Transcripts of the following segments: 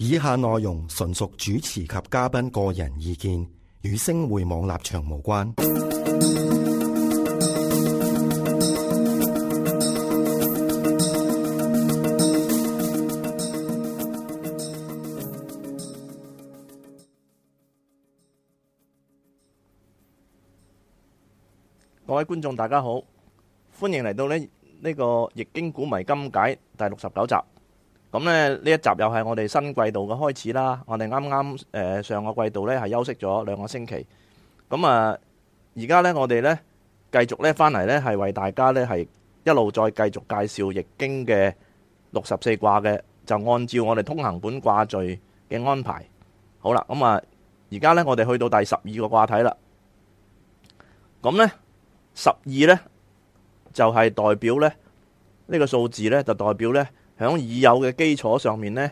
以下內容純屬主持及嘉賓個人意見，與星匯網立場無關。各位觀眾，大家好，歡迎嚟到咧、這、呢個《易經古謎今解》第六十九集。咁咧，呢一集又係我哋新季度嘅開始啦。我哋啱啱誒上個季度呢係休息咗兩個星期，咁啊，而家呢我哋呢繼續呢翻嚟呢係爲大家呢係一路再繼續介紹易經嘅六十四卦嘅，就按照我哋通行本卦序嘅安排。好啦，咁啊，而家呢我哋去到第十二個卦體啦。咁呢十二呢就係、是、代表呢，呢、呢個數字呢就代表呢。喺已有嘅基礎上面呢，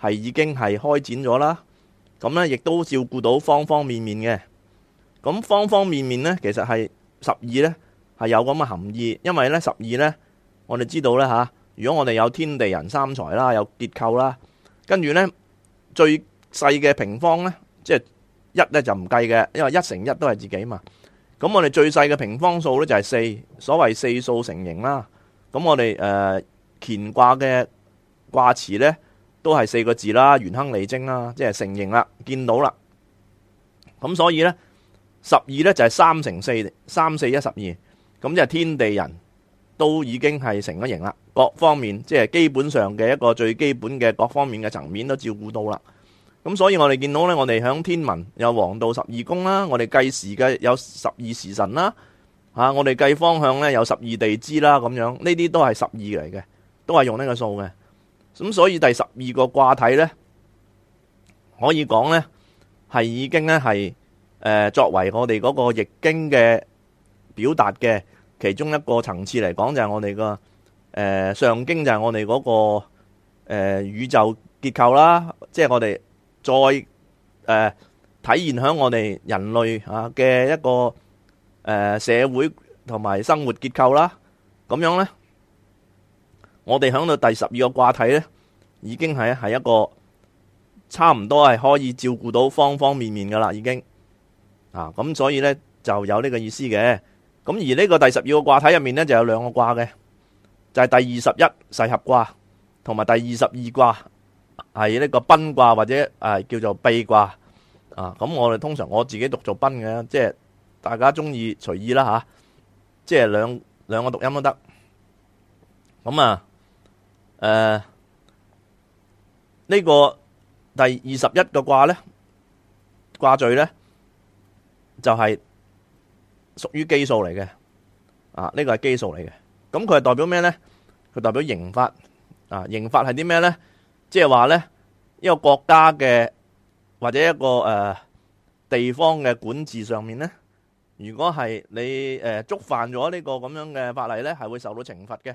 係已經係開展咗啦。咁呢亦都照顧到方方面面嘅。咁方方面面呢，其實係十二呢，係有咁嘅含義，因為呢十二呢，我哋知道呢，吓，如果我哋有天地人三才啦，有結構啦，跟住呢最細嘅平方呢，即係一呢就唔計嘅，因為一乘一都係自己嘛。咁我哋最細嘅平方數呢，就係四，所謂四數成形啦。咁我哋誒。呃乾卦嘅卦辭呢，都係四個字啦，元亨利貞啦，即係成形啦，見到啦。咁所以呢，十二呢就係三乘四，三四一十二。咁就天地人都已經係成咗形啦，各方面即係基本上嘅一個最基本嘅各方面嘅層面都照顧到啦。咁所以我哋見到呢，我哋響天文有黃道十二宮啦，我哋計時嘅有十二時辰啦，吓我哋計方向呢，有十二地支啦，咁樣呢啲都係十二嚟嘅。都係用呢個數嘅，咁所以第十二個卦體呢，可以講呢係已經呢係誒作為我哋嗰個易經嘅表達嘅其中一個層次嚟講，就係我哋個誒上經就係我哋嗰個誒宇宙結構啦，即係我哋再誒體現喺我哋人類啊嘅一個誒社會同埋生活結構啦，咁樣呢。我哋響到第十二個卦體呢，已經係係一個差唔多係可以照顧到方方面面噶啦，已經啊咁，所以呢，就有呢個意思嘅。咁而呢個第十二個卦體入面呢，就有兩個卦嘅，就係、是、第二十一噬嗑卦，同埋第二十二卦係呢個賁卦或者誒、啊、叫做賁卦啊。咁我哋通常我自己讀做賁嘅，即係大家中意隨意啦吓、啊，即係兩兩個讀音都得。咁啊。誒、呃，呢、這個第二十一個卦咧，卦序咧就係、是、屬於奇數嚟嘅，啊，呢、這個係奇數嚟嘅。咁佢係代表咩咧？佢代表刑法。啊，刑法係啲咩咧？即係話咧，一個國家嘅或者一個誒、呃、地方嘅管治上面咧，如果係你誒、呃、觸犯咗呢個咁樣嘅法例咧，係會受到懲罰嘅。